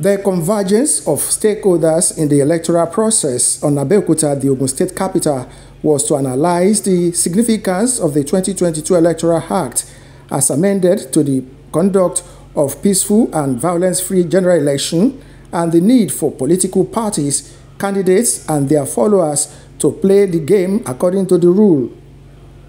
The convergence of stakeholders in the electoral process on Abeokuta, the Ogun State capital, was to analyze the significance of the 2022 Electoral Act as amended to the conduct of peaceful and violence-free general election and the need for political parties, candidates and their followers to play the game according to the rule.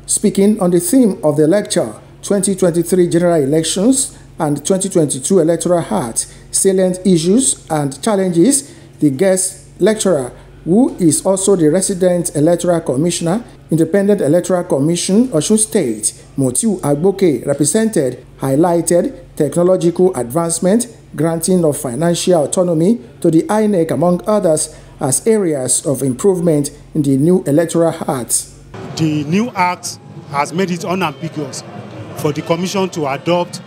Speaking on the theme of the lecture, 2023 General Elections and 2022 Electoral Act, salient issues and challenges the guest lecturer, who is also the resident electoral commissioner, Independent Electoral Commission, Osun State, Motiu Agboke, represented, highlighted technological advancement, granting of financial autonomy to the INEC, among others, as areas of improvement in the new electoral act. The new act has made it unambiguous for the Commission to adopt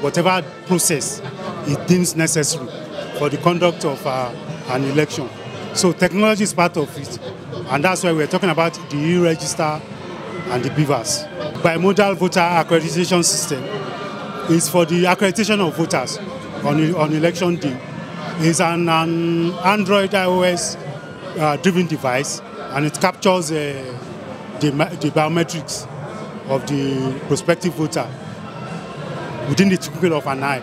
whatever process it deems necessary for the conduct of uh, an election. So technology is part of it. And that's why we're talking about the e-register and the beavers. Bimodal voter accreditation system is for the accreditation of voters on, on election day. It's an, an Android iOS uh, driven device and it captures uh, the, the biometrics of the prospective voter within the twinkle of an eye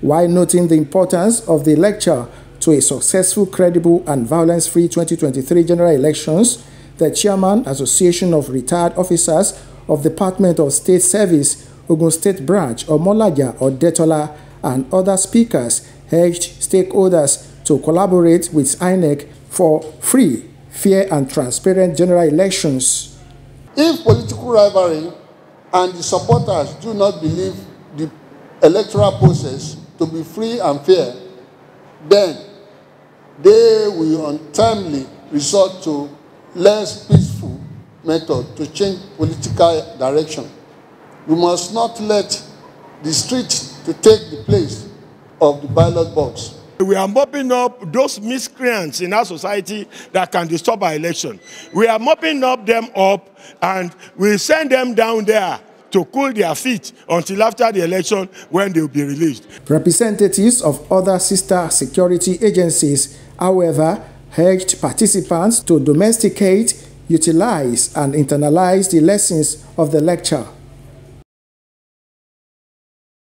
while noting the importance of the lecture to a successful, credible, and violence-free 2023 general elections, the chairman Association of Retired Officers of Department of State Service, Ogun State Branch, Omolaja, Odetola, and other speakers urged stakeholders to collaborate with INEC for free, fair, and transparent general elections. If political rivalry and the supporters do not believe the electoral process to be free and fair, then they will untimely resort to less peaceful method to change political direction. We must not let the streets to take the place of the ballot box. We are mopping up those miscreants in our society that can disturb our election. We are mopping up them up and we send them down there to cool their feet until after the election when they will be released. Representatives of other sister security agencies, however, urged participants to domesticate, utilize, and internalize the lessons of the lecture.